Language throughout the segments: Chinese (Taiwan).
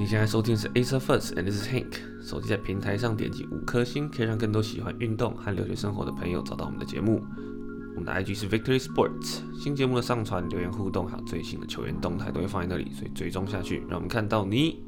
你現在收聽的是 Asia First，and this is Hank。手機在平台上點擊五顆星，可以讓更多喜歡運動和留學生活的朋友找到我們的節目。我們的 IG 是 Victory Sports。新節目的上傳、留言互動還有最新的球員動態都會放在那裡，所以追蹤下去，讓我們看到你。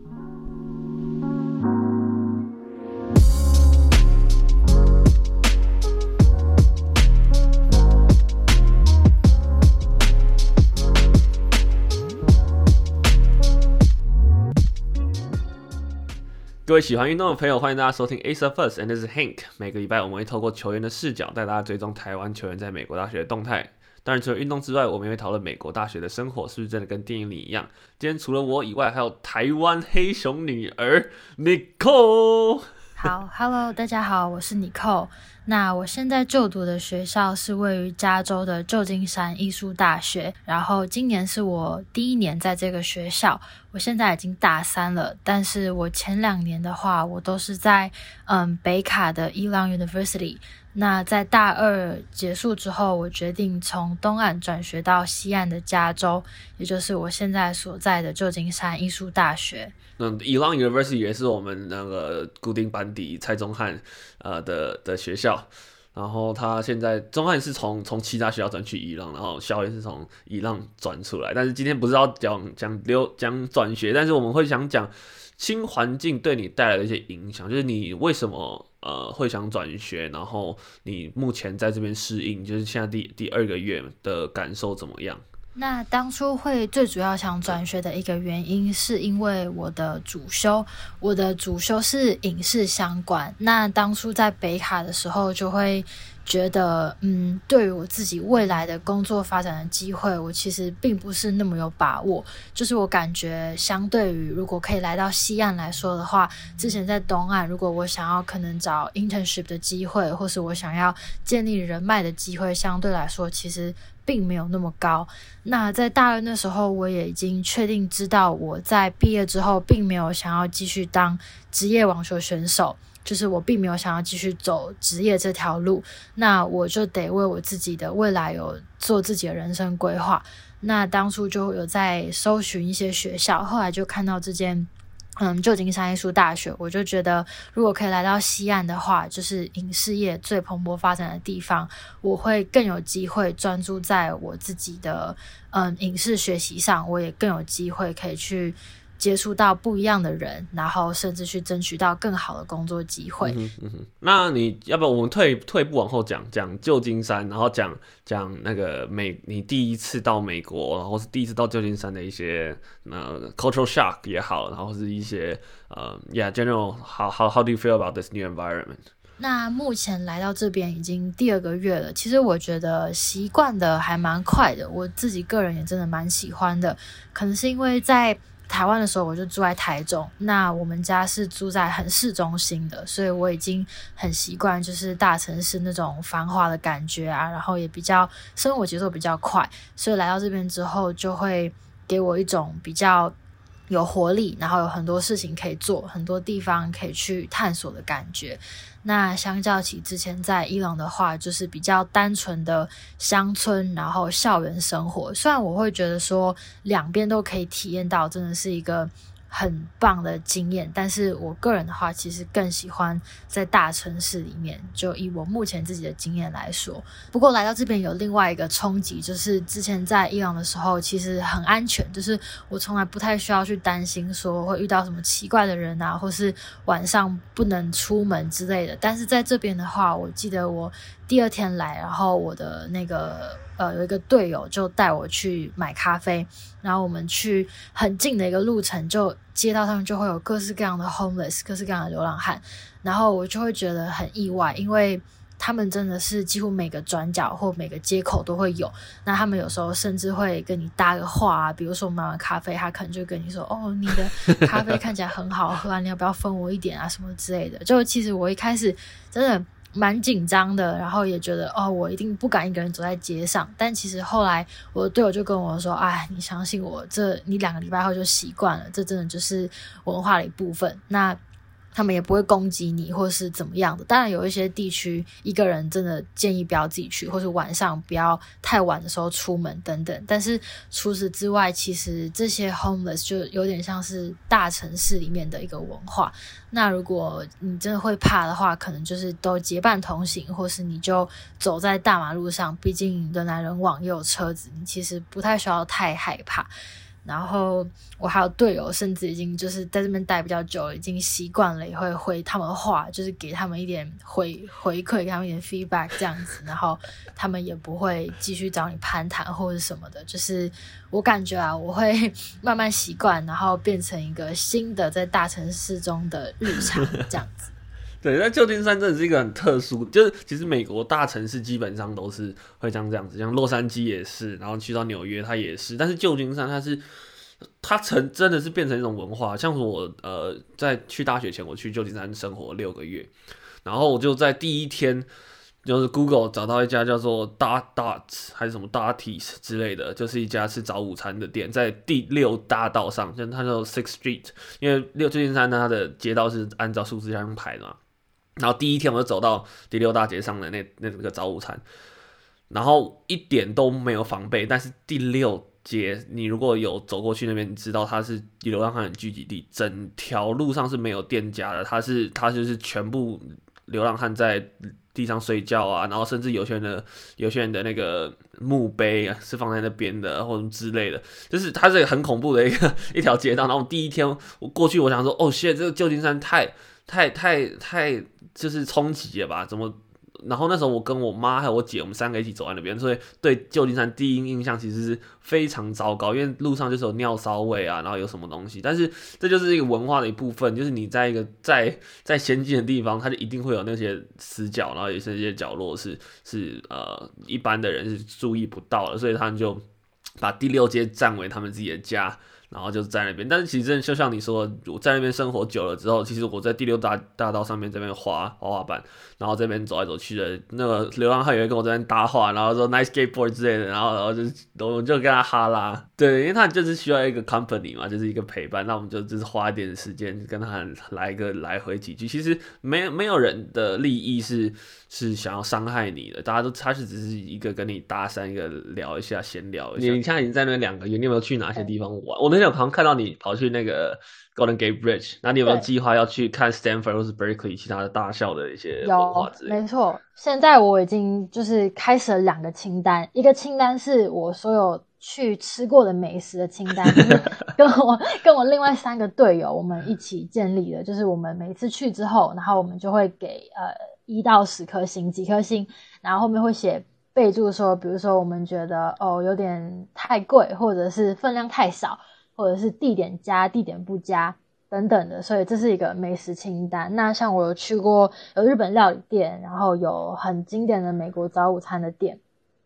各位喜歡運動的朋友，歡迎大家收聽《Asia First》，and this is Hank。每個禮拜我們會透過球員的視角帶大家追蹤台灣球員在美國大學的動態。當然，除了運動之外，我們也會討論美國大學的生活是不是真的跟電影裡一樣。今天除了我以外，還有台灣黑熊女兒 Nicole 好。好，Hello，大家好，我是 Nicole。那我現在就讀的學校是位於加州的舊金山藝術大學，然後今年是我第一年在這個學校，我現在已經大三了，但是我前兩年的話，我都是在嗯北卡的 Elon University，那在大二結束之後，我決定從東岸轉學到西岸的加州，也就是我現在所在的舊金山藝術大學。那伊朗 University 也是我們那個固定班底蔡宗翰呃的的學校。然後他現在中漢是從從其他學校轉去伊朗，然後校也是從伊朗轉出來。但是今天不是要講講留講轉學，但是我們會想講新環境對你帶來的一些影響，就是你為什麼。呃，會想轉學，然後你目前在這邊適應，就是現在第第二個月的感受怎麼樣？那當初會最主要想轉學的一個原因，是因為我的主修，我的主修是影視相關。那當初在北卡的時候，就會。覺得嗯，對於我自己未來的工作發展的機會，我其實並不是那麼有把握。就是我感覺，相對於如果可以來到西岸來說的話，之前在東岸，如果我想要可能找 internship 的機會，或是我想要建立人脈的機會，相對來說其實並沒有那麼高。那在大二那時候，我也已經確定知道，我在畢業之後並沒有想要繼續當職業網球選手。就是我並沒有想要繼續走職業這條路，那我就得為我自己的未來有做自己的人生規劃。那當初就有在搜尋一些學校，後來就看到這間嗯舊金山藝術大學，我就覺得如果可以來到西岸的話，就是影視業最蓬勃發展的地方，我會更有機會專注在我自己的嗯影視學習上，我也更有機會可以去。接觸到不一樣的人，然後甚至去爭取到更好的工作機會，嗯哼。那你要不然我們退退一步往後講講舊金山，然後講講那個美你第一次到美國，然後是第一次到舊金山的一些呃、嗯、cultural shock 也好，然後是一些呃、嗯、Yeah，General，how how how do you feel about this new environment？那目前來到這邊已經第二個月了，其實我覺得習慣的還蠻快的，我自己個人也真的蠻喜歡的，可能是因為在台灣的時候，我就住在台中。那我們家是住在很市中心的，所以我已經很習慣就是大城市那種繁華的感覺啊。然後也比較生活節奏比較快，所以來到這邊之後，就會給我一種比較有活力，然後有很多事情可以做，很多地方可以去探索的感覺。那相較起之前在 Elon 的話，就是比較單純的鄉村，然後校園生活。雖然我會覺得說兩邊都可以體驗到，真的是一個。很棒的經驗，但是我個人的話，其實更喜歡在大城市裡面。就以我目前自己的經驗來說，不過來到這邊有另外一個衝擊，就是之前在 Elon 的時候，其實很安全，就是我從來不太需要去擔心說會遇到什麼奇怪的人啊，或是晚上不能出門之類的。但是在這邊的話，我記得我第二天來，然後我的那個呃有一個隊友就帶我去買咖啡。然後我們去很近的一個路程，就街道上就會有各式各樣的 homeless，各式各樣的流浪漢。然後我就會覺得很意外，因為他們真的是幾乎每個轉角或每個街口都會有。那他們有時候甚至會跟你搭個話啊，比如說我買完咖啡，他可能就跟你說：“哦，你的咖啡看起來很好喝啊， 你要不要分我一點啊？”什麼之類的。就其實我一開始真的。蠻緊張的，然後也覺得哦，我一定不敢一個人走在街上。但其實後來，我的隊友就跟我說：“哎，你相信我，這你兩個禮拜後就習慣了，這真的就是文化的一部分。”那。他們也不會攻擊你，或是怎麼樣的。當然，有一些地區，一個人真的建議不要自己去，或是晚上不要太晚的時候出門等等。但是除此之外，其實這些 homeless 就有點像是大城市裡面的一個文化。那如果你真的會怕的話，可能就是都結伴同行，或是你就走在大馬路上，畢竟人來人往又有車子，你其實不太需要太害怕。然後我還有隊友，甚至已經就是在這邊待比較久了，已經習慣了，也會回他們話，就是給他們一點回回饋，給他們一點 feedback 這樣子。然後他們也不會繼續找你攀談或者什麼的。就是我感覺啊，我會慢慢習慣，然後變成一個新的在大城市中的日常這樣子。 對，那舊金山真的是一個很特殊，就是其實美國大城市基本上都是會像這樣子，像洛杉磯也是，然後去到紐約它也是，但是舊金山它是它成真的是變成一種文化。像是我呃在去大學前，我去舊金山生活了六個月，然後我就在第一天就是 Google 找到一家叫做 Dart Darts 還是什麼 Darties 之類的，就是一家吃早午餐的店，在第六大道上，就它叫 Sixth Street，因為六舊金山它的街道是按照數字這樣排的嘛。然後第一天我就走到第六大街上的那那個早午餐，然後一點都沒有防備。但是第六街，你如果有走過去那邊，你知道它是流浪漢的聚集地，整條路上是沒有店家的，他是他就是全部流浪漢在地上睡覺啊，然後甚至有些人的有些人的那個墓碑啊是放在那邊的，或者之類的，就是它這個很恐怖的一個一條街道。然後第一天我，我過去，我想說，哦，shit，這個舊金山太太太太。太太就是衝擊的吧？怎麼？然後那時候我跟我媽還有我姐，我們三個一起走在那邊，所以對舊金山第一印象其實是非常糟糕，因為路上就是有尿騷味啊，然後有什麼東西。但是這就是一個文化的一部分，就是你在一個在在先進的地方，它就一定會有那些死角，然後也是一些角落是是呃一般的人是注意不到的，所以他們就把第六街佔為他們自己的家。然後就是在那邊，但是其實就像你說的，我在那邊生活久了之後，其實我在第六大大道上面這邊滑滑滑板，然後這邊走來走去的，那個流浪漢也會跟我這邊搭話，然後說 nice skateboard 之類的，然後然後就我就跟他哈拉，對，因為他就是需要一個 company 嘛，就是一個陪伴，那我們就就是花一點時間跟他來一個來回幾句，其實沒有沒有人的利益是是想要傷害你的，大家都他是只是一個跟你搭訕，一個聊一下閒聊一下，你你現在已經在那邊兩個月，有你有沒有去哪些地方玩？我們。我有朋友看到你跑去那個 Golden Gate Bridge，那你有沒有計劃要去看 Stanford 或是 Berkeley 其他的大校的一些有，沒錯，現在我已經就是開始了兩個清單，一個清單是我所有去吃過的美食的清單， 跟我跟我另外三個隊友我們一起建立的，就是我們每次去之後，然後我們就會給呃一到十顆星，幾顆星，然後後面會寫備注說，比如說我們覺得哦有點太貴，或者是分量太少。或者是地點加地點不加等等的，所以這是一個美食清單。那像我有去過有日本料理店，然後有很經典的美國早午餐的店。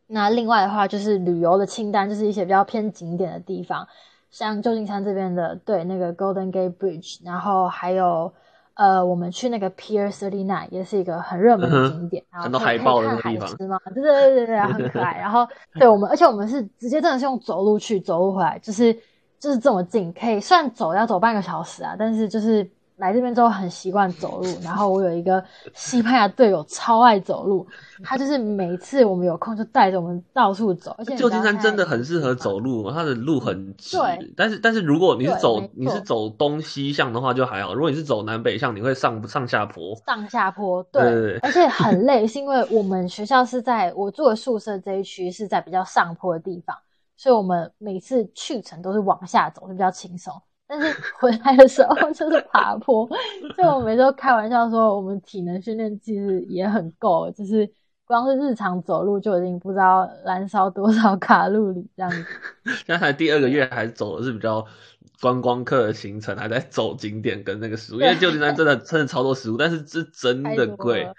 那另外的話就是旅遊的清單，就是一些比較偏景點的地方，像舊金山這邊的，對那個 Golden Gate Bridge，然後還有呃我們去那個 Pier 39也是一個很熱門的景點，嗯、然後可以海報的那地方可以看海獅嘛，對對對對，很可愛。 然後對我們，而且我們是直接真的是用走路去，走路回來，就是。就是這麼近，可以，雖然走要走半個小時啊，但是就是來這邊之後很習慣走路。 然後我有一個西班牙隊友，超愛走路，他就是每次我們有空就帶着我們到處走。而且舊金山真的很適合走路，它的路很直。對，但是但是如果你是走你是走東西向的話就還好，如果你是走南北向，你會上上下坡，上下坡對，對對對而且很累， 是因為我們學校是在我住的宿舍這一區是在比較上坡的地方。所以我們每次去程都是往下走，就比較輕鬆；但是回來的時候就是爬坡， 所以我每次都開玩笑說，我們體能訓練其實也很夠，就是光是日常走路就已經不知道燃燒多少卡路里這樣子。現在才第二個月還走的是比較觀光客的行程，還在走景點跟那個食物，因為舊金山真的真的超多食物，但是是真的貴。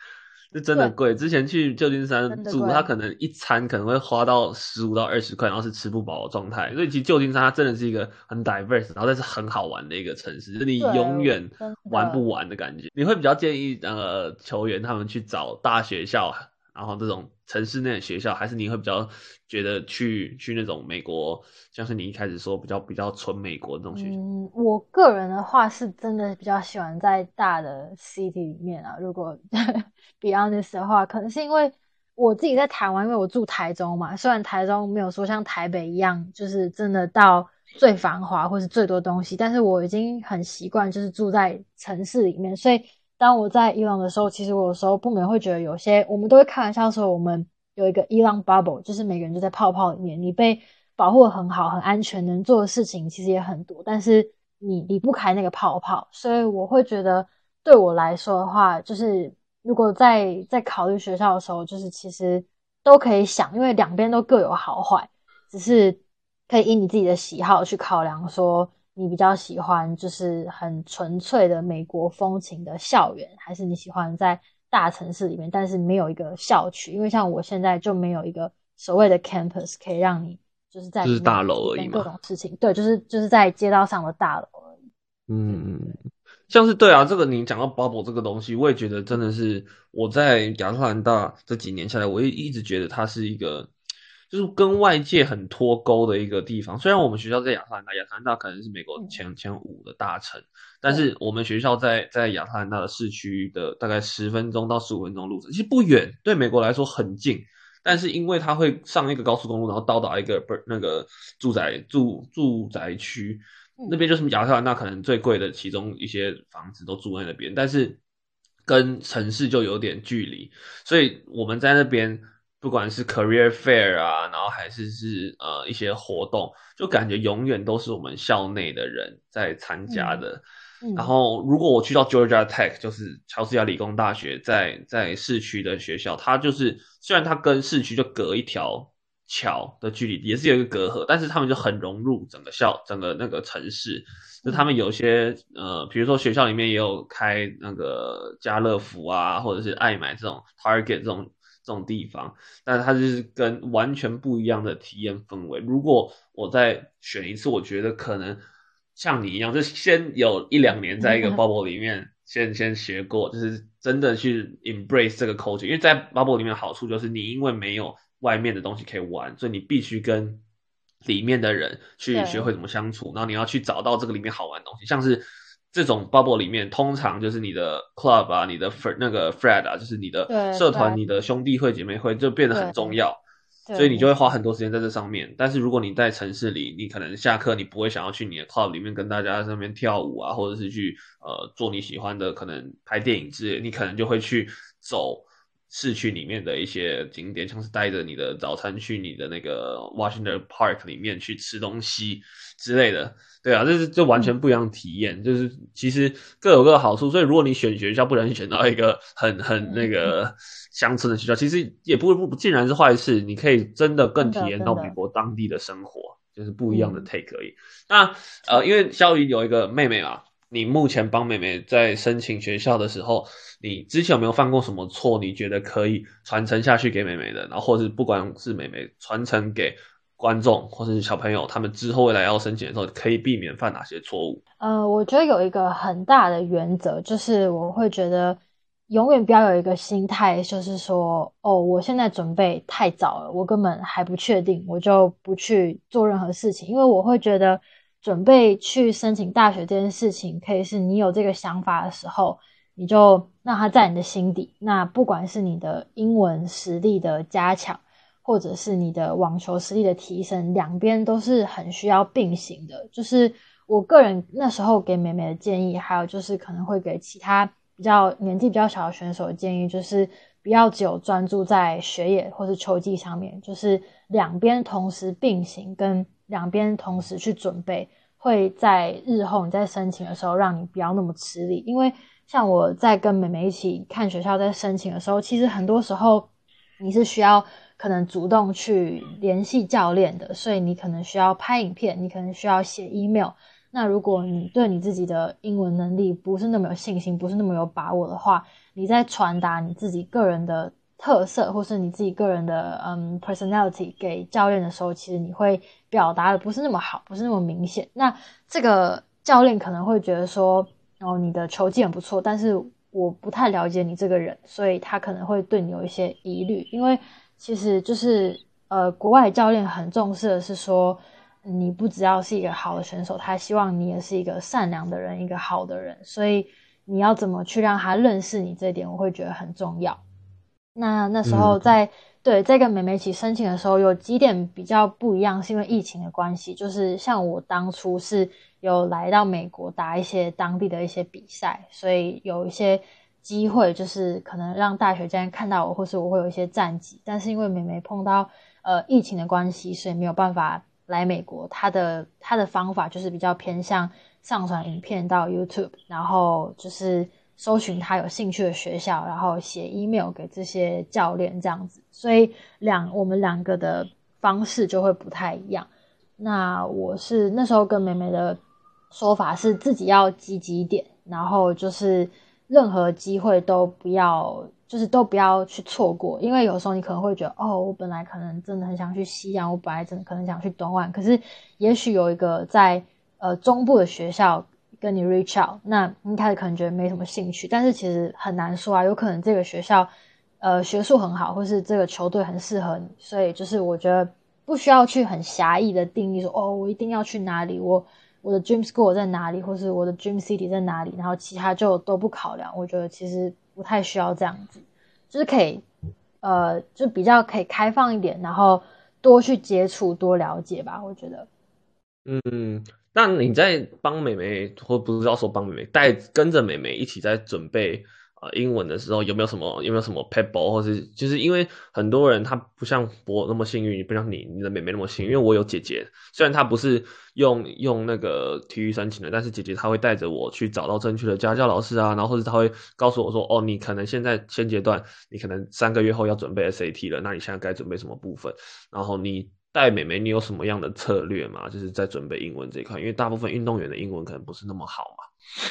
是真的貴，之前去舊金山住，他可能一餐可能會花到十五到二十塊，然後是吃不飽的狀態。所以其實舊金山它真的是一個很 diverse，然後但是很好玩的一個城市，就是、你永遠玩不完的感覺的。你會比較建議呃球員他們去找大學校，然後這種城市內的學校，還是你會比較覺得去去那種美國，像是你一開始說比較比較純美國的那種學校？嗯，我個人的話是真的比較喜歡在大的 city 裡面啊。如果 be honest 的話，可能是因為我自己在台灣，因為我住台中嘛，雖然台中沒有說像台北一樣，就是真的到最繁華或是最多東西，但是我已經很習慣就是住在城市裡面，所以。當我在 Elon 的時候，其實我有時候不免會覺得有些，我們都會開玩笑說，我們有一個 Elon bubble，就是每個人就在泡泡裡面，你被保護得很好、很安全，能做的事情其實也很多，但是你離不開那個泡泡。所以我會覺得，對我來說的話，就是如果在在考慮學校的時候，就是其實都可以想，因為兩邊都各有好壞，只是可以以你自己的喜好去考量說。你比較喜歡就是很純粹的美國風情的校園，還是你喜歡在大城市裡面，但是沒有一個校區？因為像我現在就沒有一個所謂的 campus 可以讓你就是在就是大樓而已嘛，各種事情，就是、對，就是就是在街道上的大樓而已。嗯，像是對啊，這個你講到 bubble 這個東西，我也覺得真的是我在亞特蘭大這幾年下來，我也一直覺得它是一個。就是跟外界很脫鈎的一個地方。雖然我們學校在亞特蘭大，亞特蘭大可能是美國前前五的大城，但是我們學校在在亞特蘭大的市區的大概十分鐘到十五分鐘路程，其實不遠，對美國來說很近。但是因為它會上一個高速公路，然後到達一個不是那個住宅住住宅區，那邊就是什麼亞特蘭大可能最貴的其中一些房子都住在那邊，但是跟城市就有點距離，所以我們在那邊。不管是 career fair 啊，然後還是是呃一些活動，就感覺永遠都是我們校內的人在參加的。嗯嗯、然後如果我去到 Georgia Tech，就是喬治亞理工大學在，在在市區的學校，它就是雖然它跟市區就隔一條橋的距離，也是有一個隔閡，但是他們就很融入整個校、整個那個城市。就他們有些呃，比如說學校裡面也有開那個家樂福啊，或者是愛買這種 Target 這種。這種地方，但它就是跟完全不一樣的體驗氛圍。如果我再選一次，我覺得可能像你一樣，就先有一兩年在一個 bubble 裡面先，先 先學過，就是真的去 embrace 這個 culture。因為在 bubble 裡面，好處就是你因為沒有外面的東西可以玩，所以你必須跟裡面的人去學會怎麼相處，然後你要去找到這個裡面好玩的東西，像是，這種 bubble 裡面，通常就是你的 club 啊，你的 fr 那個 friend 啊，就是你的社團、你的兄弟會、姐妹會就變得很重要，所以你就會花很多時間在這上面。但是如果你在城市裡，你可能下課你不會想要去你的 club 裡面跟大家在上面跳舞啊，或者是去呃做你喜歡的可能拍電影之類，你可能就會去走市區裡面的一些景點，像是帶着你的早餐去你的那個 Washington Park 裡面去吃東西之類的。對啊，這、就是就完全不一樣的體驗，嗯，就是其實各有各的好處。所以如果你選學校，不能選到一個很很那個鄉村的學校，嗯、其實也不不不竟然是壞事。你可以真的更體驗到美國當地的生活，嗯，就是不一樣的 take 可以，嗯，那呃，因為蕭筠有一個妹妹啊，你目前幫妹妹在申請學校的時候，你之前有沒有犯過什麼錯？你覺得可以傳承下去給妹妹的，然後或者是不管是妹妹傳承給。觀眾或是小朋友，他們之後未來要申請的時候，可以避免犯哪些錯誤？呃，我覺得有一個很大的原則，就是我會覺得永遠不要有一個心態，就是說，哦，我現在準備太早了，我根本還不確定，我就不去做任何事情。因為我會覺得，準備去申請大學這件事情，可以是你有這個想法的時候，你就讓它在你的心底。那不管是你的英文實力的加強。或者是你的網球實力的提升，兩邊都是很需要並行的。就是我個人那時候給妹妹的建議，還有就是可能會給其他比較年紀比較小的選手的建議，就是不要只有專注在學業或者球技上面，就是兩邊同時並行，跟兩邊同時去準備，會在日後你在申請的時候讓你不要那麼吃力。因為像我在跟妹妹一起看學校在申請的時候，其實很多時候你是需要。可能主動去聯繫教練的，所以你可能需要拍影片，你可能需要寫 email。那如果你對你自己的英文能力不是那麼有信心，不是那麼有把握的話，你在傳達你自己個人的特色或是你自己個人的嗯、um, personality 給教練的時候，其實你會表達的不是那麼好，不是那麼明顯。那這個教練可能會覺得說，哦，你的球技很不錯，但是我不太了解你這個人，所以他可能會對你有一些疑慮，因為。其實就是，呃，國外教練很重視的是說，你不只要是一個好的選手，他希望你也是一個善良的人，一個好的人。所以你要怎麼去讓他認識你，這一點我會覺得很重要。那那時候在、嗯、對在跟妹妹一起申請的時候，有幾點比較不一樣，是因為疫情的關係，就是像我當初是有來到美國打一些當地的一些比賽，所以有一些。機會就是可能讓大學教練看到我，或是我會有一些戰績，但是因為妹妹碰到呃疫情的關係，所以沒有辦法來美國。他的他的方法就是比較偏向上傳影片到 YouTube，然後就是搜尋他有興趣的學校，然後寫 email 給這些教練這樣子。所以兩我們兩個的方式就會不太一樣。那我是那時候跟妹妹的說法是自己要積極一點，然後就是。任何機會都不要，就是都不要去錯過，因為有時候你可能會覺得，哦，我本來可能真的很想去西岸，我本來真的可能想去東岸，可是，也許有一個在呃中部的學校跟你 reach out，那一開始可能覺得沒什麼興趣，但是其實很難說啊，有可能這個學校呃學術很好，或是這個球隊很適合你，所以就是我覺得不需要去很狹義的定義說，哦，我一定要去哪裡，我。我的 dream school 在哪裡，或是我的 dream city 在哪裡，然後其他就都不考量。我覺得其實不太需要這樣子，就是可以，呃，就比較可以開放一點，然後多去接觸、多了解吧。我覺得，嗯，那你在幫妹妹，或不是要說幫妹妹帶，跟着妹妹一起在準備。啊，英文的時候有沒有什麼有沒有什麼撇步？或是就是因為很多人他不像我那麼幸運，不像你你的妹妹那麼幸運，因為我有姐姐，雖然她不是用用那個體育申請的，但是姐姐她會帶着我去找到正確的家教老師啊，然後或者她會告訴我說，哦，你可能現在現階段你可能三個月後要準備 SAT 了，那你現在該準備什麼部分？然後你帶妹妹，你有什麼樣的策略嘛？就是在準備英文這一塊，因為大部分運動員的英文可能不是那麼好嘛、啊。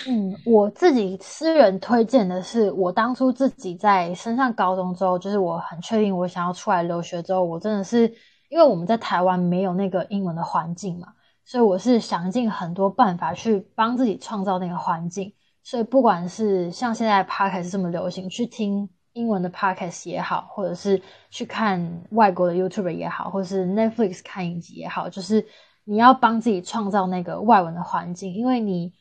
嗯，我自己私人推薦的是，我當初自己在升上高中之後，就是我很確定我想要出來留學之後，我真的是因為我們在台灣沒有那個英文的環境嘛，所以我是想盡很多辦法去幫自己創造那個環境。所以不管是像現在的 podcast 這麼流行，去聽英文的 podcast 也好，或者是去看外國的 YouTube 也好，或是 Netflix 看影集也好，就是你要幫自己創造那個外文的環境，因為你。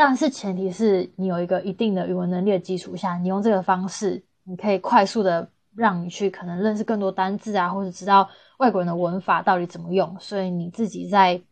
但是前提是你有一個一定的語文能力的基礎下，像你用這個方式，你可以快速的讓你去可能認識更多單字啊，或者知道外國人的文法到底怎麼用，所以你自己在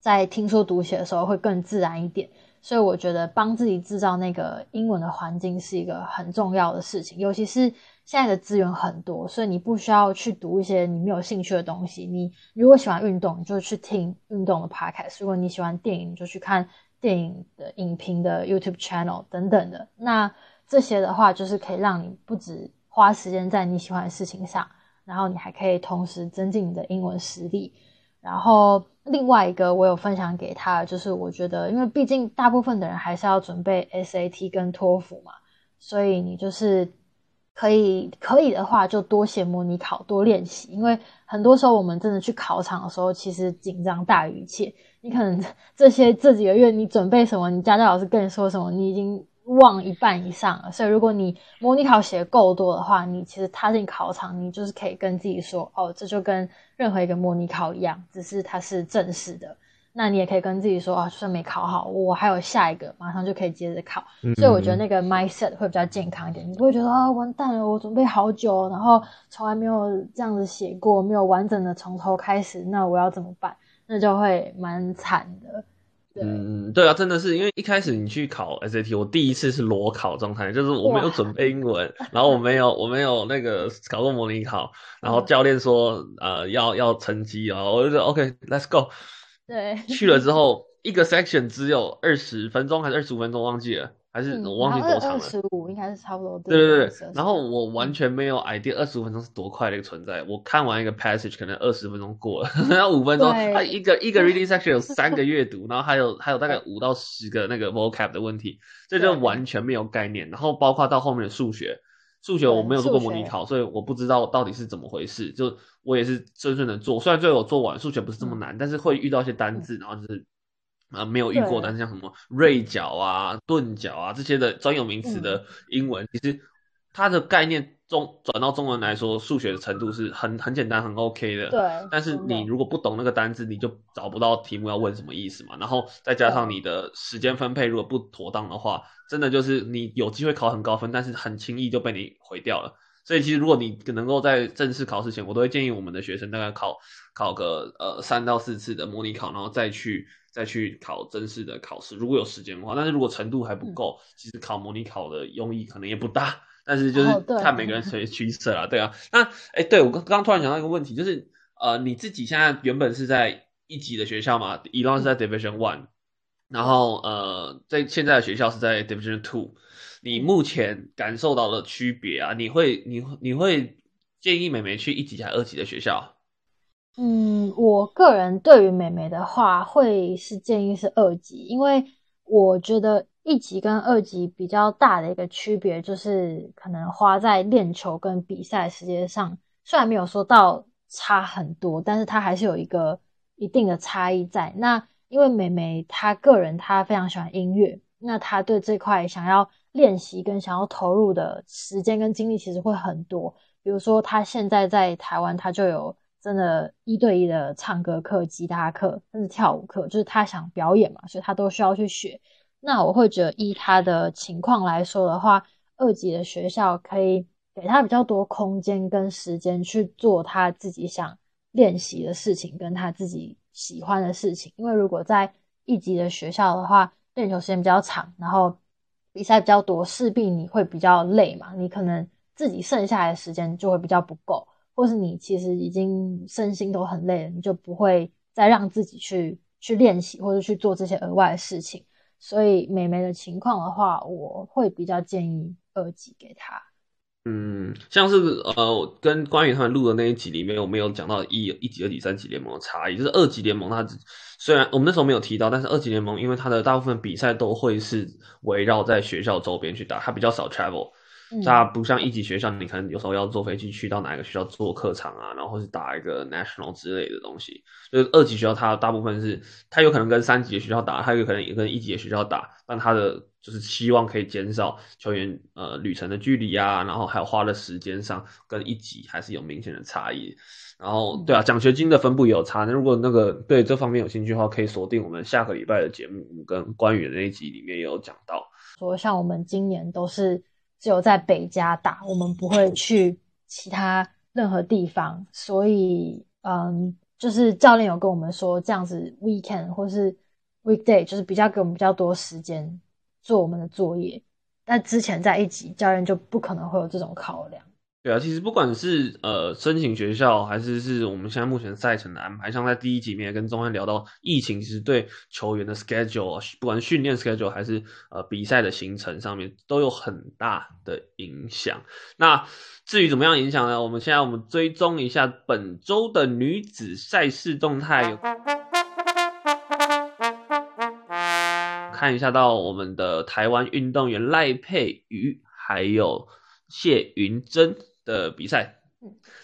在聽說讀寫的時候會更自然一點。所以我覺得幫自己製造那個英文的環境是一個很重要的事情，尤其是現在的資源很多，所以你不需要去讀一些你沒有興趣的東西。你如果喜歡運動，你就去聽運動的 podcast，如果你喜歡電影，你就去看。電影的影評的 YouTube channel 等等的，那這些的話就是可以讓你不止花時間在你喜歡的事情上，然後你還可以同時增進你的英文實力。然後另外一個我有分享給他，就是我覺得，因為畢竟大部分的人還是要準備 SAT 跟托福嘛，所以你就是可以可以的話就多寫模擬考，多練習，因為很多時候我們真的去考場的時候，其實緊張大於一切。你可能這些這幾個月你準備什麼，你家教老師跟你說什麼，你已經忘一半以上了。所以如果你模擬考寫夠多的話，你其實踏進考場，你就是可以跟自己說，哦，這就跟任何一個模擬考一樣，只是它是正式的。那你也可以跟自己說，啊、哦，就算沒考好，我還有下一個，馬上就可以接着考。嗯嗯。所以我覺得那個 mindset 會比較健康一點，你不會覺得啊，完蛋了，我準備好久，然後從來沒有這樣子寫過，沒有完整的從頭開始，那我要怎麼辦？那就會蠻慘的，對。嗯，對啊，真的是，因為一開始你去考 SAT，我第一次是裸考狀態，就是我沒有準備英文，然後我沒有我沒有那個考過模擬考，然後教練說，嗯、呃，要要成績哦，我就說 OK，let's go。對，去了之後一個 section 只有二十分鐘還是二十五分鐘，忘記了。還是我忘記多長了，嗯，二十五應該是差不多的。對對對，20，然後我完全沒有 idea，二十五分鐘是多快的一個存在。嗯、我看完一個 passage，可能二十分鐘過了， 然後五分鐘。它一個一個 reading section 有三個閱讀，然後還有還有大概五到十個那個 vocab 的問題，這就完全沒有概念。然後包括到後面的數學，數學我沒有做過模擬考，所以我不知道到底是怎麼回事。就我也是順順的做，雖然最後我做完數學不是這麼難，嗯，但是會遇到一些單字，然後就是。啊、呃，沒有遇過，但是像什麼銳角啊、鈍角啊這些的專有名詞的英文、嗯，其實它的概念中轉到中文來說，數學的程度是很很簡單、很 OK 的。對，但是你如果不懂那個單字，你就找不到題目要問什麼意思嘛。然後再加上你的時間分配如果不妥當的話，真的就是你有機會考很高分，但是很輕易就被你毀掉了。所以其實如果你能夠在正式考試前，我都會建議我們的學生大概考考個呃三到四次的模擬考，然後再去。再去考正式的考試，如果有時間的話。但是如果程度還不夠、嗯，其實考模擬考的用意可能也不大。但是就是看每個人誰取舍、啊哦、了，對啊。那哎，對我剛剛突然想到一個問題，就是呃，你自己現在原本是在一級的學校嘛，一、嗯、Elon 是在 Division One，然後呃，在現在的學校是在 Division Two，你目前感受到的區別啊，你會你你會建議妹妹去一級還是二級的學校？嗯，我個人對於妹妹的話，會是建議是二級，因為我覺得一級跟二級比較大的一個區別，就是可能花在練球跟比賽時間上，雖然沒有說到差很多，但是它還是有一個一定的差異在。那因為妹妹她個人她非常喜歡音樂，那她對這塊想要練習跟想要投入的時間跟精力其實會很多。比如說她現在在台灣，她就有。真的，一對一的唱歌課、吉他課，甚至跳舞課，就是他想表演嘛，所以他都需要去學。那我會覺得，依他的情況來說的話，二級的學校可以給他比較多空間跟時間去做他自己想練習的事情，跟他自己喜歡的事情。因為如果在一級的學校的話，練球時間比較長，然後比賽比較多，勢必你會比較累嘛，你可能自己剩下來的時間就會比較不夠。或是你其實已經身心都很累了，你就不會再讓自己去去練習或者去做這些額外的事情。所以妹妹的情況的話，我會比較建議二級給她。嗯，像是呃跟關宇他們錄的那一集裡面，我沒有講到一一級、二級、三級聯盟的差異，就是二級聯盟它雖然我們那時候沒有提到，但是二級聯盟因為它的大部分比賽都會是圍繞在學校周邊去打，它比較少 travel。它不像一級學校，你可能有時候要坐飛機去到哪個學校做客場啊，然後或是打一個 national 之類的東西。就是二級學校，它大部分是它有可能跟三級的學校打，它有可能也跟一級的學校打，但它的就是希望可以減少球員呃旅程的距離啊，然後還有花的時間上跟一級還是有明顯的差異。然後對啊，獎學金的分布也有差。那如果那個對這方面有興趣的話，可以鎖定我們下個禮拜的節目，我跟關於的那一集裡面也有講到。說像我們今年都是。只有在北加打，我們不會去其他任何地方，所以嗯，就是教練有跟我們說，這樣子 weekend 或是 weekday，就是比較給我們比較多時間做我們的作業。但之前在一級，教練就不可能會有這種考量。對啊，其實不管是呃申請學校，還是是我們現在目前賽程的安排，像在第一集面，跟中央聊到，疫情其實對球員的 schedule，不管訓練 schedule 還是呃比賽的行程上面，都有很大的影響。那至於怎麼樣影響呢？我們現在我們追蹤一下本周的女子賽事動態，看一下到我們的台灣運動員賴佩瑜，還有謝云珍。的比賽，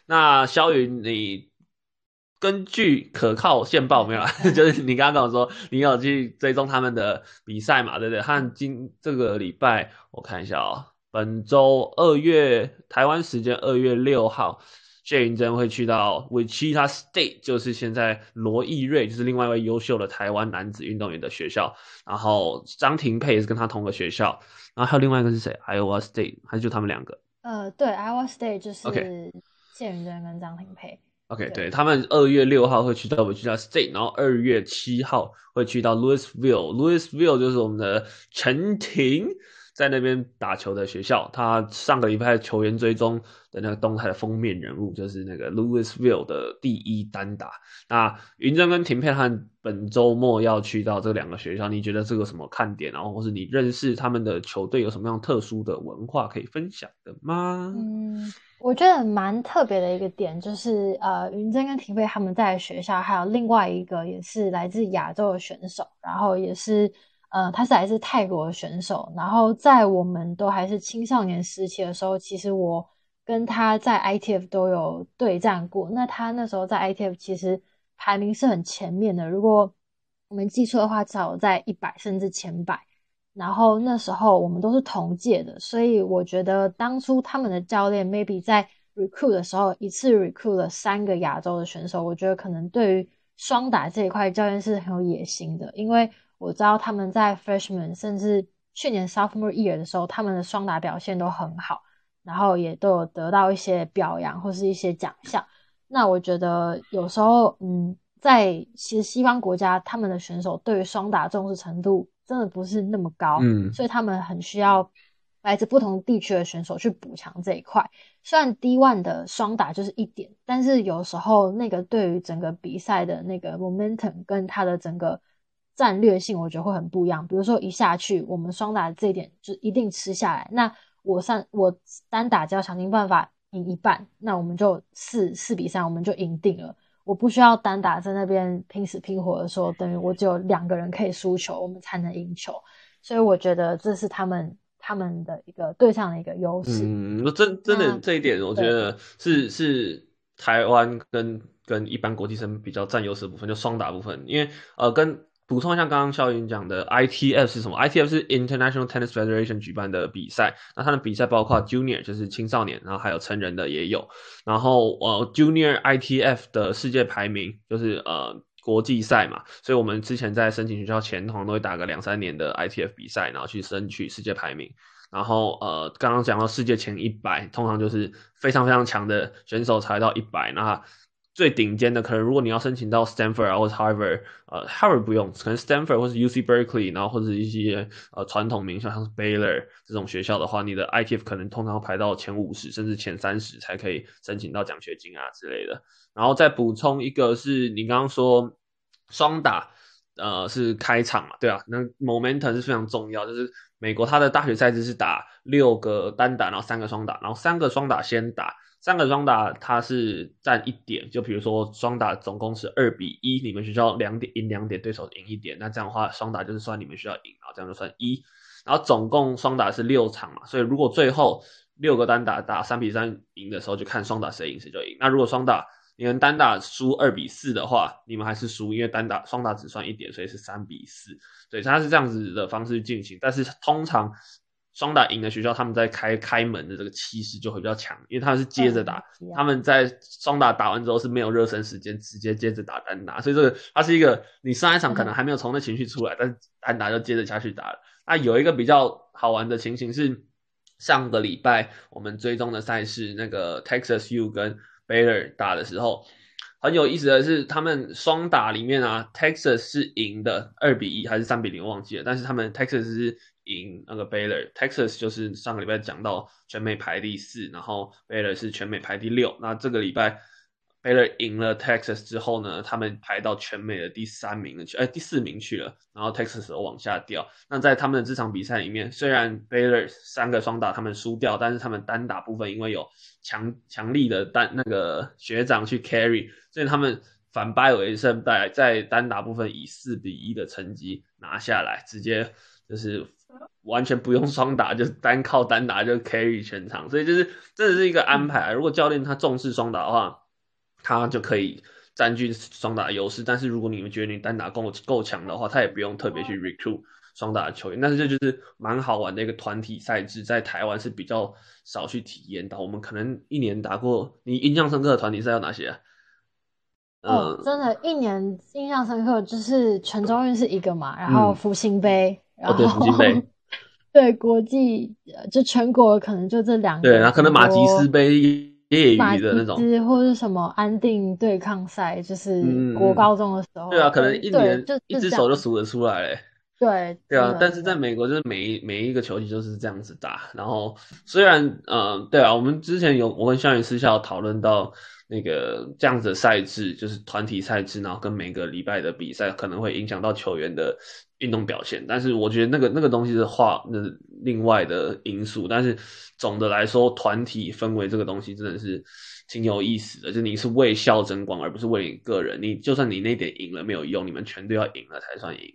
那蕭筠你根據可靠線報沒有啊？就是你剛剛跟我說，你要去追蹤他們的比賽嘛，對不對？他今這個禮拜，我看一下啊、哦，本周二月台灣時間二月六號，謝雲珍會去到 Wichita State，就是現在羅毅瑞，就是另外一位優秀的台灣男子運動員的學校。然後張廷佩也是跟他同個學校，然後還有另外一個是誰？Iowa State，還是就他們兩個？呃，對，Iowa State 就是謝雲娟跟張庭佩。OK，, okay 對，對他們二月六號會去到，我們去到 State，然後二月七號會去到 Louisville。Louisville 就是我們的陳婷。在那邊打球的學校，他上個禮拜球員追蹤的那個動態的封面人物就是那個 Louisville 的第一單打。那云臻跟廷沛他們本周末要去到這兩個學校，你覺得這個什麼看點？然後，或是你認識他們的球隊有什麼樣特殊的文化可以分享的嗎？嗯，我覺得蠻特別的一個點就是，呃，云臻跟廷沛他們在學校還有另外一個也是來自亞洲的選手，然後也是。呃、嗯，他是來自泰國的選手。然後在我們都還是青少年時期的時候，其實我跟他在 ITF 都有對戰過。那他那時候在 ITF 其實排名是很前面的，如果我沒記錯的話，至少在一百甚至前百。然後那時候我們都是同屆的，所以我覺得當初他們的教練 maybe 在 recruit 的時候一次 recruit 了三個亞洲的選手，我覺得可能對於雙打這一塊教練是很有野心的，因為。我知道他們在 freshman，甚至去年 sophomore year 的時候，他們的雙打表現都很好，然後也都有得到一些表揚或是一些獎項。那我覺得有時候，嗯，在其實西方國家，他們的選手對於雙打重視程度真的不是那麼高，嗯，所以他們很需要來自不同地區的選手去補強這一塊。雖然 D one 的雙打就是一點，但是有時候那個對於整個比賽的那個 momentum 跟他的整個。戰略性我覺得會很不一樣，比如說一下去，我們雙打這一點就一定吃下來。那我上，我單打只要想盡辦法贏一半，那我們就四四比三，我們就贏定了。我不需要單打在那邊拼死拼活的時候，等於我只有兩個人可以輸球，我們才能贏球。所以我覺得這是他們他們的一個對上的一個優勢。嗯，那真真的這一點，我覺得是是台灣跟跟一般國際生比較占優勢的部分，就雙打部分，因為呃跟。補充一下，剛剛蕭筠講的 ITF 是什麼？ITF 是 International Tennis Federation 舉辦的比賽。那它的比賽包括 Junior，就是青少年，然後還有成人的也有。然後呃，Junior ITF 的世界排名就是呃國際賽嘛。所以我們之前在申請學校前，通常都會打個兩三年的 ITF 比賽，然後去爭取世界排名。然後呃，剛剛講到世界前一百，通常就是非常非常強的選手才到一百。那最頂尖的可能，如果你要申請到 Stanford 啊或是 Harvard，呃，Harvard 不用，可能 Stanford 或是 UC Berkeley，然後或者一些呃傳統名校像是 Baylor 這種學校的話，你的 ITF 可能通常排到前五十甚至前三十才可以申請到獎學金啊之類的。然後再補充一個，是你剛剛說雙打，呃，是開場嘛？對啊，那 momentum 是非常重要，就是美國它的大學賽制是打六個單打，然後三個雙打，然後三個雙打，三個雙打先打。三個雙打，它是占一點。就比如說雙打總共是二比一，你們學校兩點贏兩點，對手贏一點，那這樣的話雙打就是算你們學校贏，然後這樣就算一。然後總共雙打是六場嘛，所以如果最後六個單打打三比三贏的時候，就看雙打誰贏誰就贏，贏。那如果雙打你們單打輸二比四的話，你們還是輸，因為單打雙打只算一點，所以是三比四。對，它是這樣子的方式進行，但是通常。雙打贏的學校，他們在開開門的這個氣勢就會比較強，因為他們是接着打，嗯、他們在雙打打完之後是沒有熱身時間，直接接着打單打，所以這個它是一個你上一場可能還沒有從那情緒出來，嗯、但單打就接着下去打了。那有一個比較好玩的情形是，上個禮拜我們追蹤的賽事，那個 Texas U 跟 Baylor 打的時候。很有意思的是，他們雙打裡面啊，Texas 是贏的，二比一還是三比零，忘記了。但是他們 Texas 是贏那個 Baylor，Texas 就是上個禮拜講到全美排第四，然後 Baylor 是全美排第六。那這個禮拜。贏了 Texas 之後呢，他們排到全美的第三名了，去哎，第四名去了，然後 Texas 往下掉。那在他們的這場比賽裡面，雖然 Baylor 三個雙打他們輸掉，但是他們單打部分因為有強強力的單那個學長去 carry，所以他們反敗為勝，在在單打部分以四比一的成績拿下來，直接就是完全不用雙打，就單靠單打就 carry 全場。所以就是這是一個安排。如果教練他重視雙打的話，他就可以佔據雙打優勢，但是如果你們覺得你單打夠夠強的話，他也不用特別去 recruit 雙打的球員、嗯。但是這就是蠻好玩的一個團體賽制，在台灣是比較少去體驗到。我們可能一年打過，你印象深刻的團體賽有哪些、啊哦？嗯，真的，一年印象深刻就是全中運是一個嘛，然後福星盃、嗯，然後、哦、對，復興盃 對國際就全國可能就這兩個對，然後可能馬吉斯盃。業餘的那種，或者什麼安定對抗賽，就是國高中的時候，嗯、對啊，可能一年就一隻手就數得出來。嗯對，對啊對，但是在美國，就是每一每一個球季就是這樣子打。然後雖然，嗯、呃，對啊，我們之前有我跟蕭筠私下有討論到那個這樣子的賽制，就是團體賽制，然後跟每個禮拜的比賽，可能會影響到球員的運動表現。但是我覺得那個那個東西的話，那、就是、另外的因素。但是總的來說，團體氛圍這個東西真的是挺有意思的，就是、你是為校爭光，而不是為你個人。你就算你那點贏了沒有用，你們全都要贏了才算贏。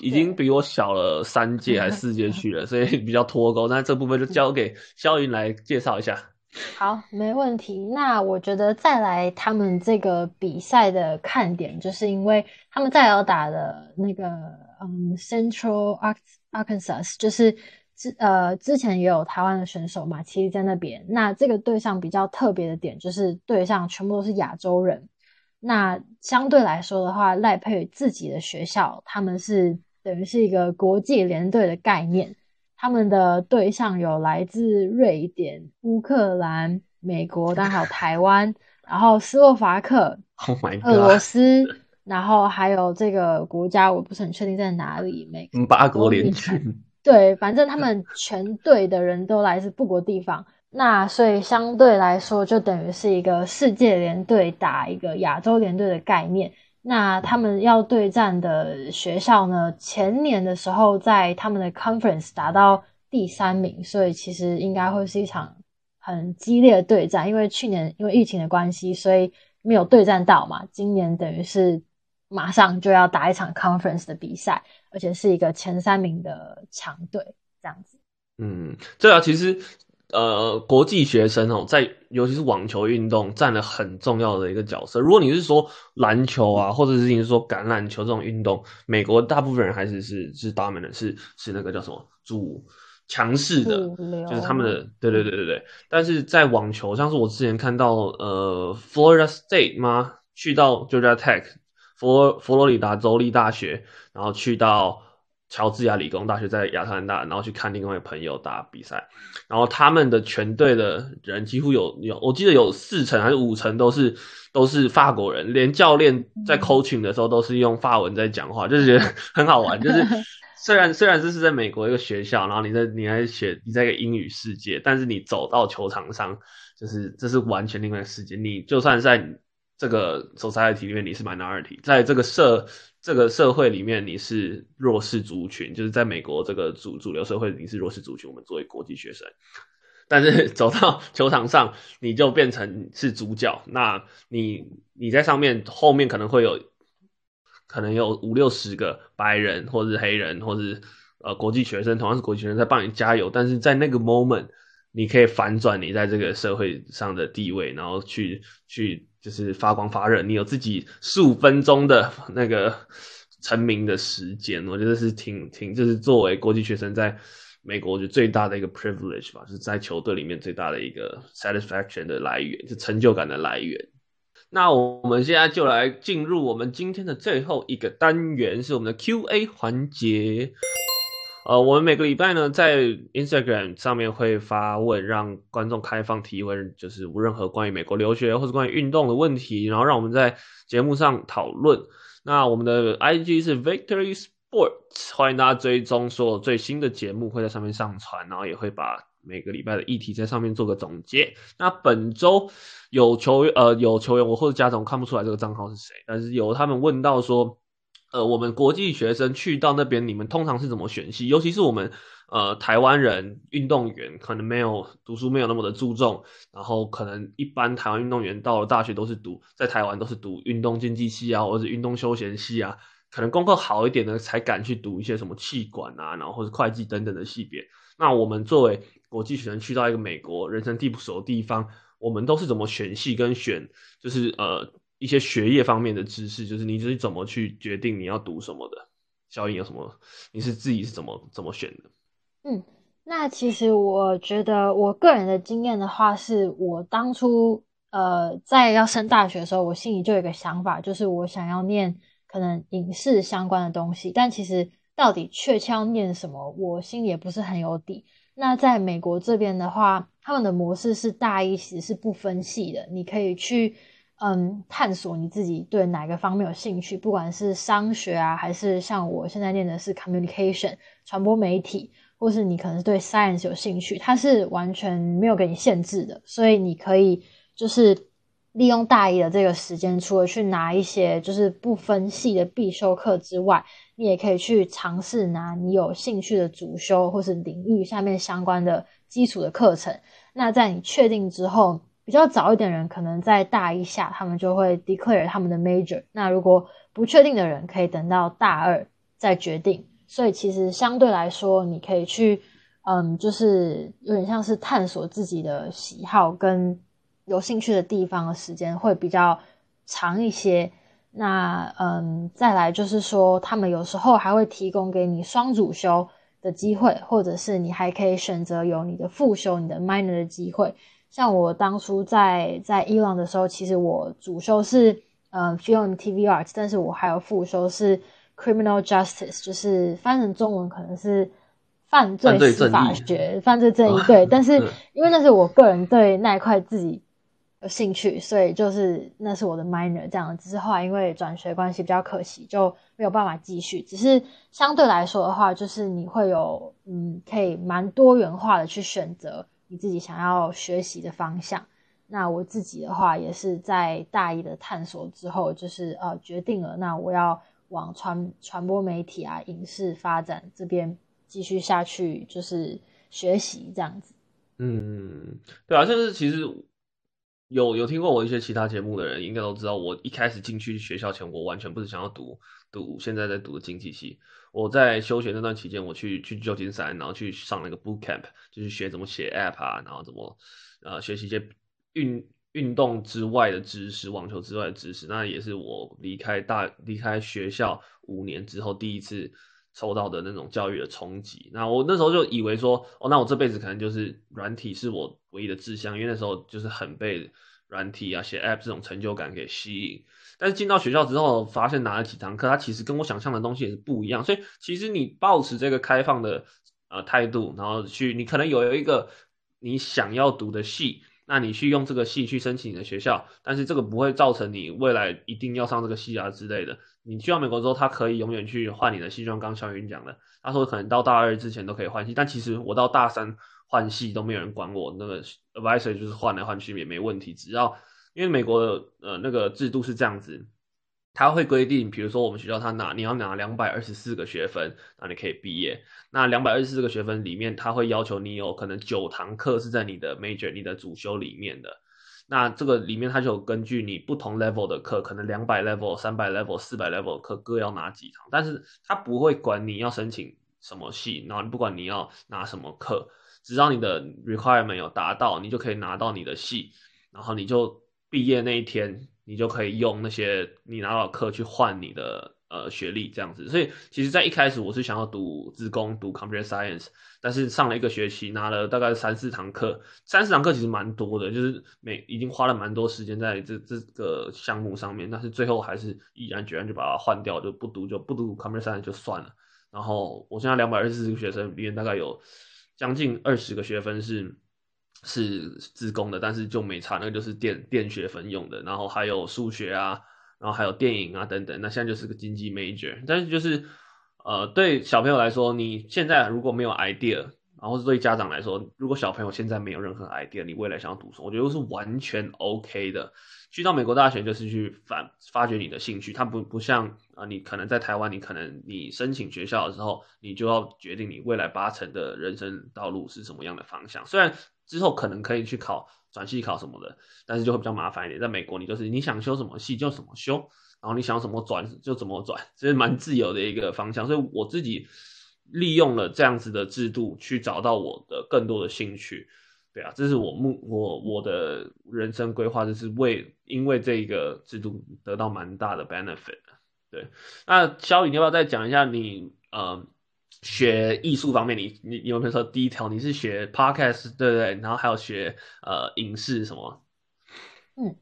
已經比我小了三屆還是四屆去了，所以比較脫鈎。 那這部分就交給蕭筠來介紹一下。好，沒問題。那我覺得再來他們這個比賽的看點，就是因為他們再要打的那個嗯，Central Ark Arkansas，就是之呃之前也有台灣的選手嘛，其實在那邊。那這個對象比較特別的點，就是對象全部都是亞洲人。那相對來說的話，賴佩自己的學校他們是。等於是一個國際聯隊的概念，他們的對象有來自瑞典、烏克蘭、美國，剛好台灣，然後斯洛伐克、oh、俄羅斯，然後還有這個國家我不是很確定在哪裡，美國八國聯軍。對，反正他們全隊的人都來自不國地方， 那所以相對來說，就等於是一個世界聯隊打一個亞洲聯隊的概念。那他們要對戰的學校呢？前年的時候在他們的 conference 達到第三名，所以其實應該會是一場很激烈的對戰。因為去年因為疫情的關係，所以沒有對戰到嘛。今年等於是馬上就要打一場 conference 的比賽，而且是一個前三名的強隊這樣子。嗯，對啊，其實。呃，國際學生吼、哦，在尤其是網球運動佔了很重要的一個角色。如果你是說籃球啊，或者是你說橄欖球這種運動，美國大部分人還是是是 Dominant，是是那個叫什麼主強勢的，就是他們的對對對對對。但是在網球，像是我之前看到，呃，Florida State 嘛，去到 Georgia Tech，佛佛羅里達州立大學，然後去到。喬治亞理工大學在亞特蘭大，然後去看另外一位朋友打比賽，然後他們的全隊的人幾乎有有，我記得有四成還是五成都是都是法國人，連教練在 coaching 的時候都是用法文在講話、嗯，就是覺得很好玩。就是雖然雖然這是在美國一個學校，然後你在你在學你在一個英語世界，但是你走到球場上，就是這是完全另外一個世界。你就算在這個 society 裡面你是 minority，在這個社這個社會裡面你是弱勢族群，就是在美國這個主主流社會你是弱勢族群。我們作為國際學生，但是走到球場上你就變成是主角。那你你在上面後面可能會有，可能有五六十個白人或是黑人或是呃國際學生，同樣是國際學生在幫你加油。但是在那個 moment，你可以反轉你在這個社會上的地位，然後去去。就是發光發熱，你有自己十五分鐘的那個成名的時間，我覺得這是挺挺，這、就是作為國際學生在美國就最大的一個 privilege 吧，就是在球隊裡面最大的一個 satisfaction 的來源，就是、成就感的來源。那我們現在就來進入我們今天的最後一個單元，是我們的 Q&A 環節。呃，我們每個禮拜呢，在 Instagram 上面會發問，讓觀眾開放提問，就是無任何關於美國留學或者關於運動的問題，然後讓我們在節目上討論。那我們的 IG 是 Victory Sports，歡迎大家追蹤，所有最新的節目會在上面上傳，然後也會把每個禮拜的議題在上面做個總結。那本周有球呃有球員，我或者家長看不出來這個賬號是誰，但是有他們問到說，呃，我們國際學生去到那邊，你們通常是怎麼選系？尤其是我們，呃，台灣人運動員可能沒有讀書沒有那麼的注重，然後可能一般台灣運動員到了大學都是讀在台灣都是讀運動競技系啊，或者是運動休閒系啊，可能功課好一點的才敢去讀一些什麼企管啊，然後或者會計等等的系別。那我們作為國際學生去到一個美國人生地不熟的地方，我們都是怎麼選系跟選，就是呃。一些學業方面的知識，就是你就是怎麼去決定你要讀什麼的？小影有什麼？你是自己是怎麼怎麼選的？嗯，那其實我覺得我個人的經驗的話，是我當初呃在要升大學的時候，我心裡就有一個想法，就是我想要念可能影視相關的東西。但其實到底確切要念什麼，我心裡也不是很有底。那在美國這邊的話，他們的模式是大一其實是不分系的，你可以去。嗯，探索你自己對哪個方面有興趣，不管是商學啊，還是像我現在念的是 communication 傳播媒體，或是你可能對 science 有興趣，它是完全沒有給你限制的，所以你可以就是利用大一的這個時間，除了去拿一些就是不分系的必修課之外，你也可以去嘗試拿你有興趣的主修或是領域下面相關的基礎的課程。那在你確定之後。比較早一點人可能在大一下，他們就會 declare 他們的 major。那如果不確定的人，可以等到大二再決定。所以其實相對來說，你可以去，嗯，就是有點像是探索自己的喜好跟有興趣的地方的時間會比較長一些。那嗯，再來就是說，他們有時候還會提供給你雙主修的機會，或者是你還可以選擇有你的副修、你的 minor 的機會。像我當初在在伊朗的時候，其實我主修是呃 film TV arts，但是我還有副修是 criminal justice，就是翻譯成中文可能是犯罪司法學、犯,正犯罪正一對。 但是因為那是我個人對那一塊自己有興趣， 所以就是那是我的 minor，這樣。只是後來因為轉學關係比較可惜，就沒有辦法繼續。只是相對來說的話，就是你會有嗯可以蠻多元化的去選擇。你自己想要學習的方向，那我自己的話也是在大一的探索之後，就是呃決定了，那我要往傳傳播媒體啊、影視發展這邊繼續下去，就是學習這樣子。嗯，對啊，就是其實有有聽過我一些其他節目的人，應該都知道，我一開始進去學校前，我完全不是想要讀。讀現在在讀的經濟系。我在休學那段期間，我去去舊金山，然後去上了一個 boot camp，就是學怎麼寫 app 啊，然後怎麼，啊、呃，學習一些運運動之外的知識，網球之外的知識。那也是我離開大離開學校五年之後第一次受到的那種教育的衝擊。那我那時候就以為說，哦，那我這輩子可能就是軟體是我唯一的志向，因為那時候就是很被軟體啊寫 app 這種成就感給吸引。但是進到學校之後，發現拿了幾堂課，它其實跟我想象的東西也是不一樣。所以其實你抱持這個開放的呃態度，然後去你可能有一個你想要讀的系，那你去用這個系去申請你的學校。但是這個不會造成你未來一定要上這個系啊之類的。你去到美國之後，他可以永遠去換你的系，就像剛剛蕭筠講的，他說可能到大二之前都可以換系，但其實我到大三換系都沒有人管我，那個 adviser 就是換來換去也沒問題，只要。因為美國的呃那個制度是這樣子，它會規定，比如說我們學校他拿你要拿兩百二十四個學分，那你可以畢業。那兩百二十四個學分裡面，它會要求你有可能九堂課是在你的 major，你的主修裡面的。那這個裡面，它就根據你不同 level 的課，可能兩百 level、三百 level、四百 level 課各要拿幾堂，但是它不會管你要申請什麼系，然後不管你要拿什麼課，只要你的 requirement 有達到，你就可以拿到你的系，然後你就。畢業那一天，你就可以用那些你拿到的課去換你的呃學歷這樣子。所以其實，在一開始我是想要讀資工讀 computer science，但是上了一個學期拿了大概三四堂課，三四堂課其實蠻多的，就是每已經花了蠻多時間在這這個項目上面。但是最後還是毅然決然就把它換掉，就不讀就不讀 computer science 就算了。然後我現在兩百二十四個學生裡面大概有將近二十個學分是。是資工的，但是就沒差，那個就是電電學分用的，然後還有數學啊，然後還有電影啊等等。那現在就是個經濟 major，但是就是，呃，對小朋友來說，你現在如果沒有 idea，然後對家長來說，如果小朋友現在沒有任何 idea，你未來想要讀什麼，我覺得是完全 OK 的。去到美國大學就是去發發掘你的興趣，它不不像啊、呃，你可能在台灣，你可能你申請學校的時候，你就要決定你未來八成的人生道路是什麼樣的方向，雖然。之後可能可以去考轉系考什麼的，但是就會比較麻煩一點。在美國，你就是你想修什麼系就什麼修，然後你想怎麼轉就怎麼轉，這是蠻自由的一個方向。所以我自己利用了這樣子的制度去找到我的更多的興趣。對啊，這是我目我我的人生規劃，就是為因為這個制度得到蠻大的 benefit。對，那蕭筠你要不要再講一下你、呃學藝術方面你，你你有沒有說第一條？你是學 podcast，對，對對？然後還有學呃影視什麼？嗯，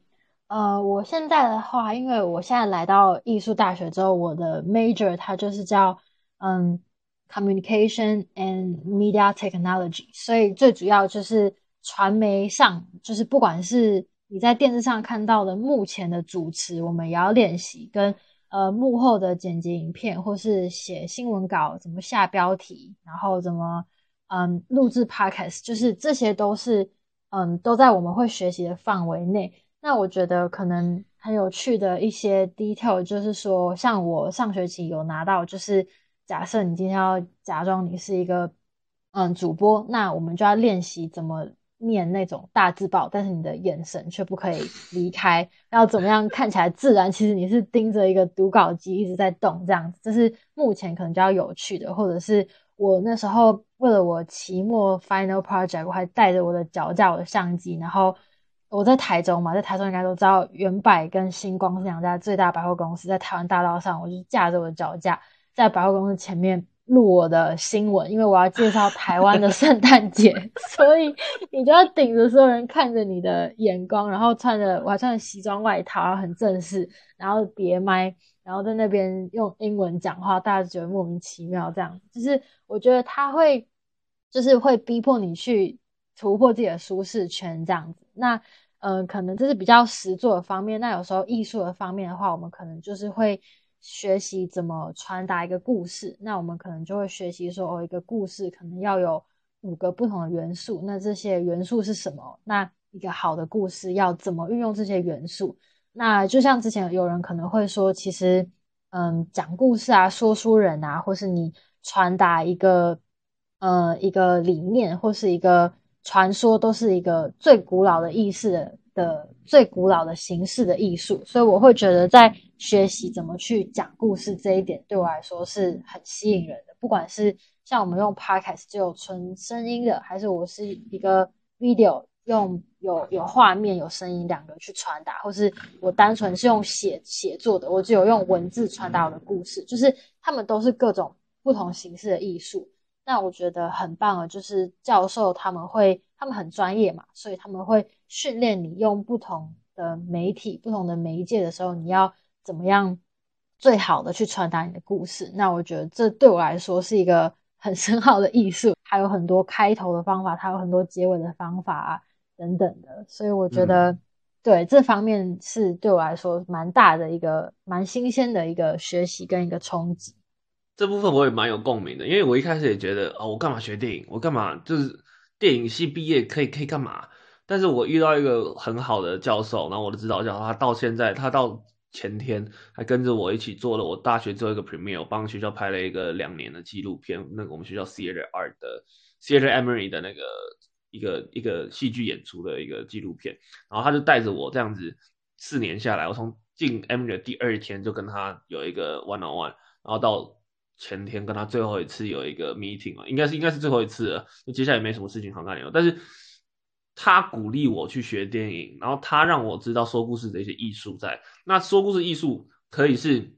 呃，我現在的話，因為我現在來到藝術大學之後，我的 major 它就是叫嗯 communication and media technology，所以最主要就是傳媒上，就是不管是你在電視上看到的，目前的主持，我們也要練習跟。呃，幕後的剪輯影片，或是寫新聞稿，怎麼下標題，然後怎麼嗯錄制 podcast，就是這些都是嗯都在我們會學習的範圍內。那我覺得可能很有趣的一些 detail，就是說像我上學期有拿到，就是假設你今天要假裝你是一個嗯主播，那我們就要練習怎麼。念那種大字報，但是你的眼神卻不可以離開，要怎麼樣看起來自然？其實你是盯着一個讀稿機一直在動這樣子，這是目前可能比較有趣的。或者是我那時候為了我期末 final project，我還帶着我的腳架我的相機，然後我在台中嘛，在台中應該都知道遠百跟新光是兩家最大百貨公司，在台灣大道上，我就架着我的腳架在百貨公司前面。錄我的新聞，因為我要介紹台灣的聖誕節， 所以你就要頂着所有人看着你的眼光，然後穿着我還穿著西裝外套，很正式，然後別麥，然後在那邊用英文講話，大家就覺得莫名其妙。這樣就是我覺得他會就是會逼迫你去突破自己的舒適圈，這樣子。那嗯、呃，可能這是比較實作的方面。那有時候藝術的方面的話，我們可能就是會。學習怎麼傳達一個故事，那我們可能就會學習說哦，一個故事可能要有五個不同的元素，那這些元素是什麼？那一個好的故事要怎麼運用這些元素？那就像之前有人可能會說，其實嗯，講故事啊，說書人啊，或是你傳達一個呃一個理念或是一個傳說，都是一個最古老的意識的最古老的形式的藝術，所以我會覺得在學習怎麼去講故事這一點，對我來說是很吸引人的。不管是像我們用 podcast 就有純聲音的，還是我是一個 video 用有有畫面有聲音兩個去傳達，或是我單純是用寫寫作的，我只有用文字傳達我的故事，就是他們都是各種不同形式的藝術。那我覺得很棒啊，就是教授他們會，他們很專業嘛，所以他們會訓練你用不同的媒體、不同的媒介的時候，你要怎麼樣最好的去傳達你的故事。那我覺得這對我來說是一個很深奧的藝術，還有很多開頭的方法，它有很多結尾的方法啊等等的。所以我覺得、嗯、對這方面是對我來說蠻大的一個、蠻新鮮的一個學習跟一個衝擊。這部分我也蠻有共鳴的，因為我一開始也覺得哦，我幹嘛學電影？我幹嘛就是電影系畢業可以可以幹嘛？但是我遇到一個很好的教授，然後我的指導教授，他到現在，他到前天還跟着我一起做了我大學做一個 Premiere，幫學校拍了一個兩年的紀錄片，那個我們學校 Theater Art 的 Theater Emery 的那個一個一個戲劇演出的一個紀錄片，然後他就帶着我這樣子四年下來，我從進 Emery 的第二天就跟他有一個 one on one，然後到前天跟他最後一次有一個 meeting 啊，應該是應該是最後一次了。那接下來也沒什麼事情好幹了。但是他鼓勵我去學電影，然後他讓我知道說故事的一些藝術在那。說故事藝術可以是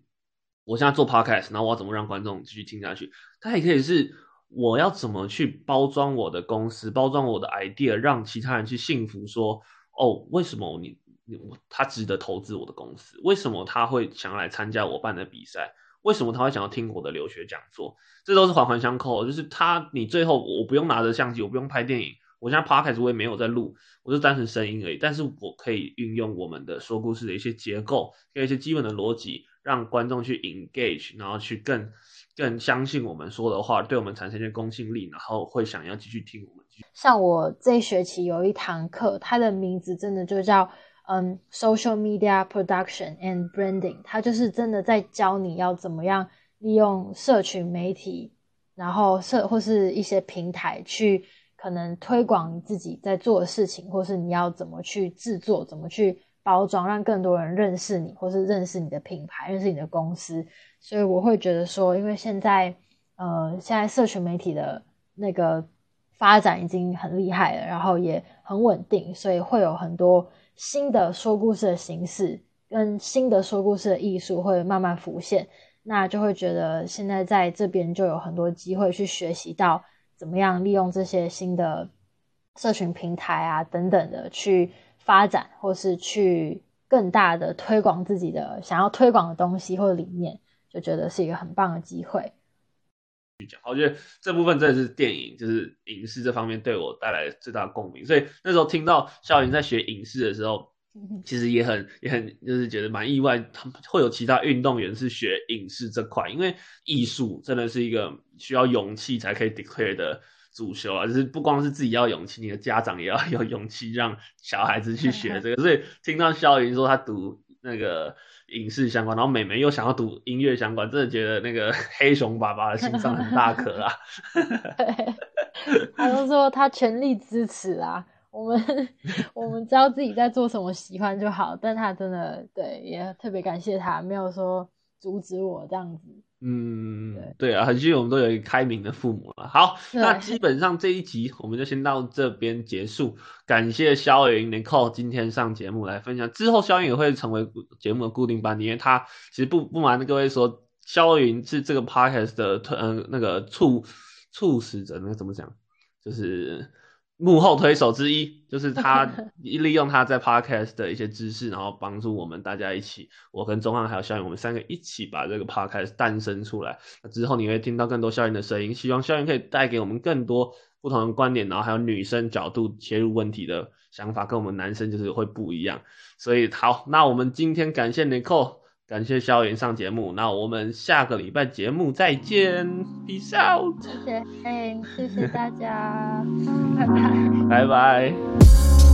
我現在做 podcast，然後我要怎麼讓觀眾繼續聽下去？他也可以是我要怎麼去包裝我的公司，包裝我的 idea，讓其他人去信服說，哦，為什麼你你他值得投資我的公司？為什麼他會想來參加我辦的比賽？為什麼他會想要聽我的留學講座？這都是環環相扣。就是他，你最後我不用拿着相機，我不用拍電影。我現在 podcast 我也沒有在錄，我就單純聲音而已。但是我可以運用我們的說故事的一些結構，跟一些基本的邏輯，讓觀眾去 engage，然後去更更相信我們說的話，對我們產生一些公信力，然後會想要繼續聽我們。繼續像我這一學期有一堂課，它的名字真的就叫。嗯、um，social media production and branding，它就是真的在教你要怎麼樣利用社群媒體，然後社或是一些平台去可能推廣你自己在做的事情，或是你要怎麼去製作、怎麼去包裝，讓更多人認識你，或是認識你的品牌、認識你的公司。所以我會覺得說，因為現在呃，現在社群媒體的那個發展已經很厲害了，然後也很穩定，所以會有很多。新的說故事的形式跟新的說故事的藝術會慢慢浮現，那就會覺得現在在這邊就有很多機會去學習到怎麼樣利用這些新的社群平台啊等等的去發展，或是去更大的推廣自己的想要推廣的東西或者理念，就覺得是一個很棒的機會。我覺得這部分真的是電影，就是影視這方面對我帶來最大的共鳴。所以那時候聽到蕭筠在學影視的時候，其實也很也很就是覺得蠻意外，他會有其他運動員是學影視這塊，因為藝術真的是一個需要勇氣才可以 declare 的主修啊，就是不光是自己要勇氣，你的家長也要有勇氣讓小孩子去學這個。所以聽到蕭筠說他讀那個。影視相關，然後妹妹又想要讀音樂相關，真的覺得那個黑熊爸爸的心臟很大顆啊。 對，他說他全力支持啊，我們我們知道自己在做什麼，喜歡就好。但他真的對，也特別感謝他，沒有說。阻止我這樣子，嗯對，對啊，很幸運我們都有一個開明的父母了。好，那基本上這一集我們就先到這邊結束。感謝肖云能 c 今天上節目來分享，之後肖云也會成為節目的固定班底，因為他其實不不瞞各位說，肖云是這個 podcast 的，嗯、呃、那個促促使者，那個、怎麼講就是。幕後推手之一就是他，利用他在 podcast 的一些知識， 然後幫助我們大家一起，我跟中漢還有蕭筠，我們三個一起把這個 podcast 誕生出來。那之後你會聽到更多蕭筠的聲音，希望蕭筠可以帶給我們更多不同的觀點，然後還有女生角度切入問題的想法，跟我們男生就是會不一樣。所以好，那我們今天感謝 Nicole。感謝蕭筠上節目，那我們下個禮拜節目再見，李少，謝謝， 謝謝大家，拜拜拜拜。